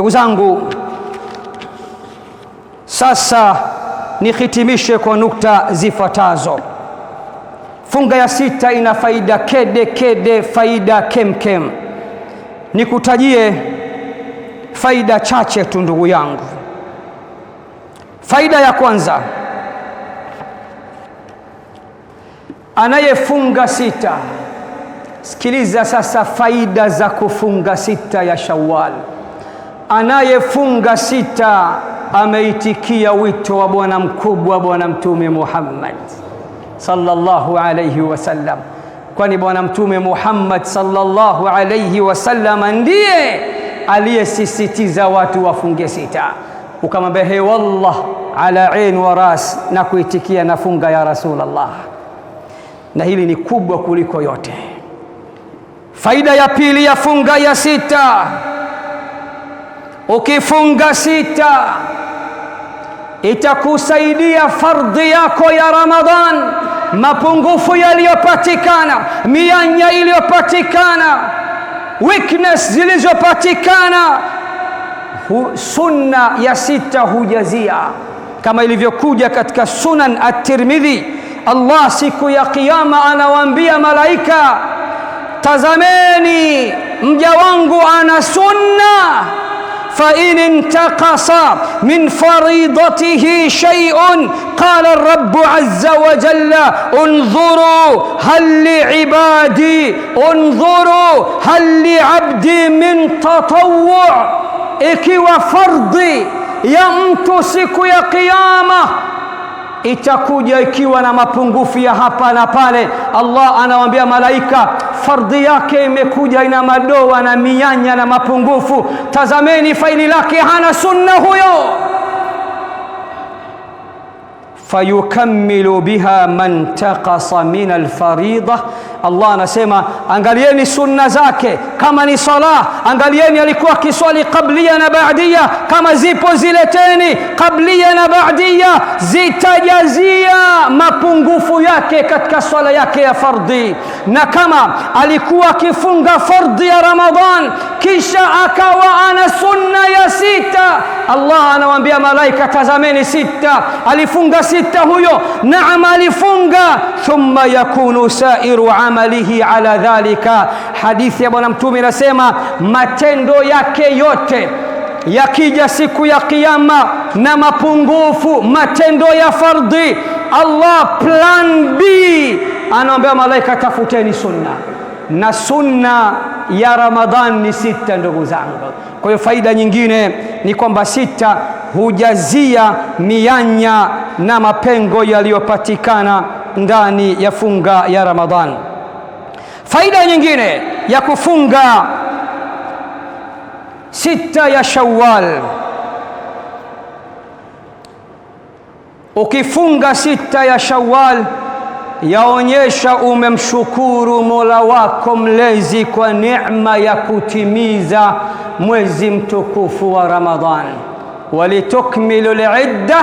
Ndugu zangu, sasa nihitimishe kwa nukta zifuatazo. Funga ya sita ina faida kede kede, faida kemkem. Nikutajie faida chache tu, ndugu yangu. Faida ya kwanza, anayefunga sita, sikiliza sasa faida za kufunga sita ya Shawwal. Anayefunga sita ameitikia wito wa bwana mkubwa, bwana Mtume Muhammad sallallahu alayhi wasallam, kwani bwana Mtume Muhammad sallallahu alayhi wasallam ndiye aliyesisitiza watu wafunge sita. Ukamwambia he, wallah ala ain wa ras, na kuitikia nafunga ya Rasulullah. Na hili ni kubwa kuliko yote. Faida ya pili ya funga ya sita Ukifunga sita itakusaidia fardhi yako ya Ramadhan, mapungufu yaliyopatikana, mianya iliyopatikana, weakness zilizopatikana, sunna ya sita hujazia, kama ilivyokuja katika Sunan at-Tirmidhi. Allah siku ya Kiyama anawaambia malaika, tazameni mja wangu ana sunna فإن انتقص من فريضته شيء قال الرب عز وجل انظروا هل لعبادي انظروا هل لعبدي من تطوع إكي وفرضي يمتسك يا قيامة itakuja ikiwa na mapungufu ya hapa na pale allah anawambia malaika fardhi yake imekuja ina madoa na mianya na mapungufu. Tazameni faili lake, hana sunna huyo fayukamilu biha man takasa min alfaridha. Allah anasema angalieni sunna zake, kama ni sala angalieni alikuwa akiswali qablia na baadia, kama zipo zileteni. Qablia na baadia zitajazia mapungufu yake katika swala yake ya fardhi, na kama alikuwa akifunga fardhi ya Ramadhan kisha akawa ana sunna ya sita Allah anawaambia malaika, tazameni sita. Alifunga sita huyo, naam, alifunga. Thumma yakunu sairu amalihi ala dhalika. Hadithi ya Bwana Mtume inasema matendo yake yote yakija siku ya Kiyama na mapungufu matendo ya fardhi, Allah plan B anawaambia malaika, tafuteni sunna na sunna ya Ramadhan ni sita, ndugu zangu. Kwa hiyo faida nyingine ni kwamba sita hujazia mianya na mapengo yaliyopatikana ndani ya funga ya Ramadhan. Faida nyingine ya kufunga sita ya Shawwal, ukifunga sita ya Shawwal yaonyesha umemshukuru Mola wako mlezi kwa neema ya kutimiza mwezi mtukufu wa Ramadhan. walitukmilu lidda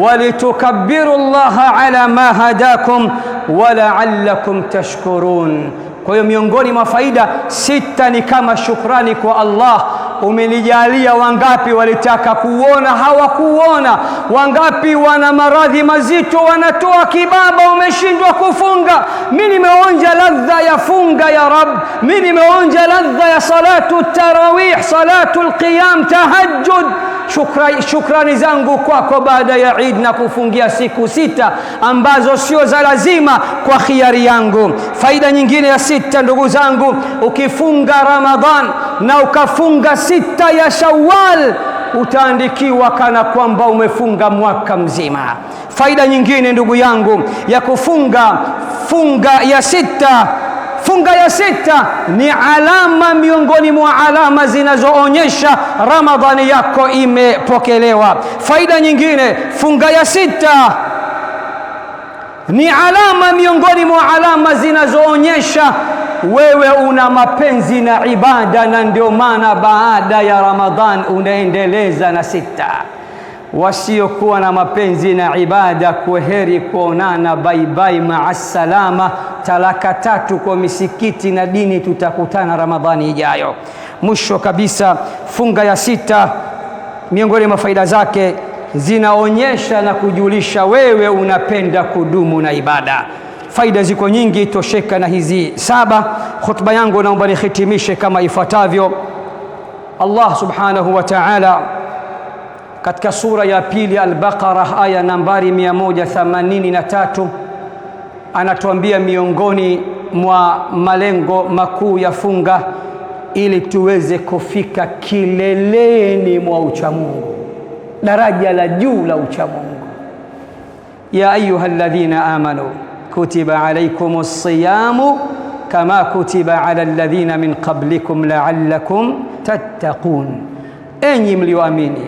walitukabiru llaha ala ma hadakum walaalakum tashkurun. Kwa hiyo miongoni mwa faida sita ni kama shukrani kwa Allah umenijalia Wangapi walitaka kuona hawakuona Wangapi wana maradhi mazito, wanatoa kibaba, umeshindwa kufunga. Mi nimeonja ladha ya funga ya Rab, mi nimeonja ladha ya salatu tarawih, salatu lqiyam, tahajjud Shukrani, shukrani zangu kwako baada ya Eid na kufungia siku sita ambazo sio za lazima kwa khiari yangu. Faida nyingine ya sita, ndugu zangu, ukifunga Ramadhan na ukafunga sita ya Shawwal utaandikiwa kana kwamba umefunga mwaka mzima. Faida nyingine ndugu yangu ya kufunga funga ya sita funga ya sita ni alama miongoni mwa alama zinazoonyesha Ramadhani yako imepokelewa. Faida nyingine, funga ya sita ni alama miongoni mwa alama zinazoonyesha wewe una mapenzi na ibada, na ndio maana baada ya Ramadhan unaendeleza na sita. Wasiokuwa na mapenzi na ibada, kuheri kuonana, bye bye, maasalama, talaka tatu kwa misikiti na dini, tutakutana Ramadhani ijayo. Mwisho kabisa, funga ya sita, miongoni mwa faida zake zinaonyesha na kujulisha wewe unapenda kudumu na ibada. Faida ziko nyingi, tosheka na hizi saba. Khutba yangu naomba nihitimishe kama ifuatavyo. Allah subhanahu wa ta'ala katika sura ya pili Al-Baqara aya nambari 183 anatuambia miongoni mwa malengo makuu ya funga ili tuweze kufika kileleni mwa uchamungu, daraja la juu la uchamungu. ya ayuha alladhina amanu kutiba alaykum siyamu kama kutiba ala alladhina min qablikum la'allakum tattaqun, enyi mlioamini,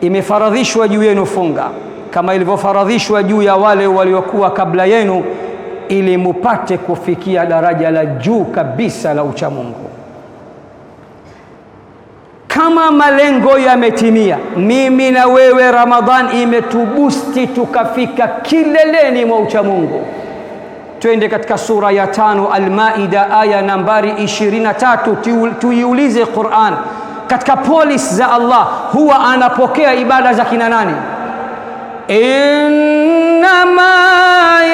imefaradhishwa juu yenu funga kama ilivyofaradhishwa juu ya wale waliokuwa kabla yenu, ili mupate kufikia daraja la juu kabisa la uchamungu. Kama malengo yametimia, mimi na wewe, Ramadhan imetubusti tukafika kileleni mwa uchamungu twende katika sura ya tano Almaida aya nambari 23, tuiulize Quran katika polis za Allah huwa anapokea ibada za kina nani? Innama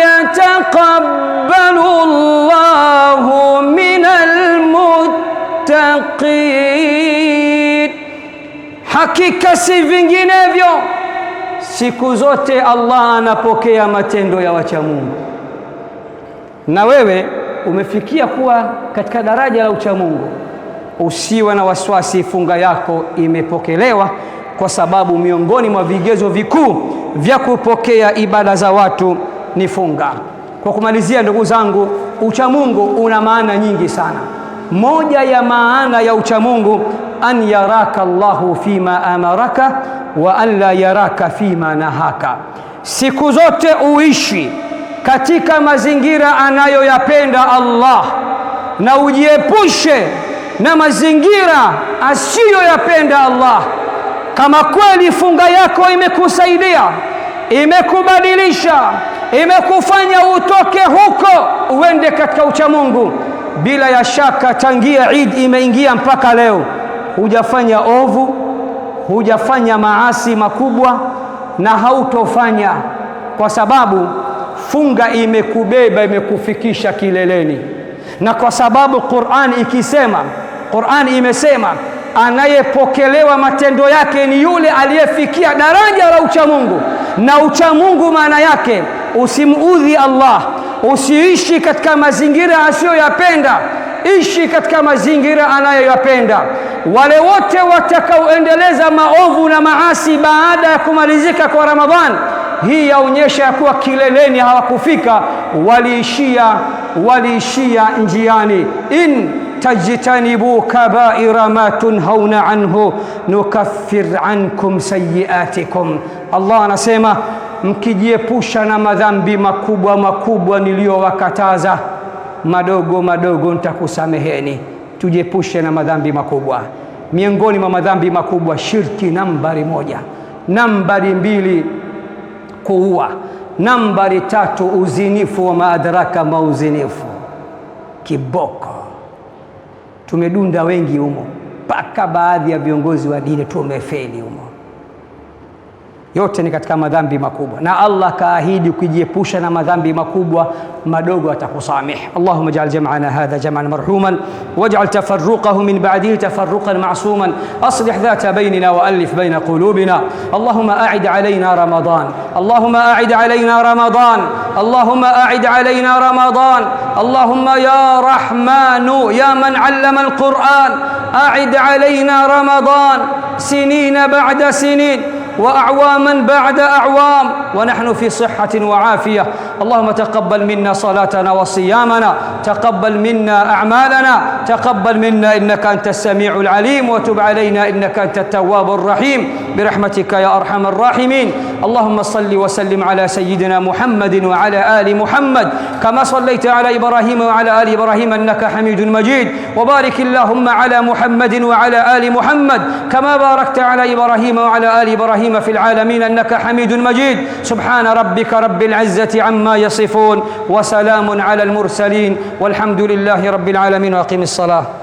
yataqabbalu Allahu minal muttaqin, hakika si vinginevyo, siku zote Allah anapokea matendo ya wacha Mungu na wewe umefikia kuwa katika daraja la uchamungu, usiwe na wasiwasi, funga yako imepokelewa, kwa sababu miongoni mwa vigezo vikuu vya kupokea ibada za watu ni funga. Kwa kumalizia, ndugu zangu, uchamungu una maana nyingi sana. Moja ya maana ya uchamungu an yaraka Allahu fima amaraka wa an la yaraka fima nahaka, siku zote uishi katika mazingira anayoyapenda Allah, na ujiepushe na mazingira asiyoyapenda Allah. Kama kweli funga yako imekusaidia, imekubadilisha, imekufanya utoke huko uende katika ucha mungu bila ya shaka tangia Eid imeingia mpaka leo hujafanya ovu, hujafanya maasi makubwa, na hautofanya kwa sababu funga imekubeba imekufikisha kileleni. Na kwa sababu Qur'an ikisema, Qur'an imesema anayepokelewa matendo yake ni yule aliyefikia daraja la uchamungu. Na uchamungu maana yake usimuudhi Allah, usiishi katika mazingira asiyoyapenda, ishi katika mazingira anayoyapenda. Wale wote watakaoendeleza maovu na maasi baada ya kumalizika kwa Ramadhani hii yaonyesha ya kuwa kileleni hawakufika, waliishia waliishia njiani. in tajtanibu kabaira ma tunhauna anhu nukaffir ankum sayiatikum, Allah anasema mkijiepusha na madhambi makubwa makubwa niliyowakataza, madogo madogo nitakusameheni. Tujiepushe na madhambi makubwa. Miongoni mwa madhambi makubwa shirki nambari moja, nambari mbili kuua. Nambari tatu, uzinifu wa maadaraka mauzinifu, kiboko. Tumedunda wengi humo, mpaka baadhi ya viongozi wa dini tumefeli humo. yote ni katika madhambi makubwa, na Allah kaahidi kujiepusha na madhambi makubwa, madogo atakusamih. Allahumma ja'al jam'ana hadha jam'an marhuman waj'al tafarruqahu min ba'dihi tafarruqan ma'suman aslih dhata baynina wa alif bayna qulubina Allahumma a'id alayna ramadan Allahumma a'id alayna ramadan Allahumma a'id alayna ramadan Allahumma ya rahmanu ya man 'allama al-Qur'an a'id alayna ramadan sinina ba'da sinin وأعواما بعد أعوام ونحن في صحة وعافية اللهم تقبل منا صلاتنا وصيامنا تقبل منا أعمالنا تقبل منا إنك أنت السميع العليم وتب علينا إنك أنت التواب الرحيم برحمتك يا أرحم الراحمين اللهم صل وسلم على سيدنا محمد وعلى آل محمد كما صليت على إبراهيم وعلى آل إبراهيم أنك حميد مجيد وبارك اللهم على محمد وعلى آل محمد كما باركت على إبراهيم وعلى آل إبراهيم إبراهيم في العالمين أنك حميد مجيد سبحان ربك رب العزة عما يصفون وسلام على المرسلين والحمد لله رب العالمين وأقم الصلاة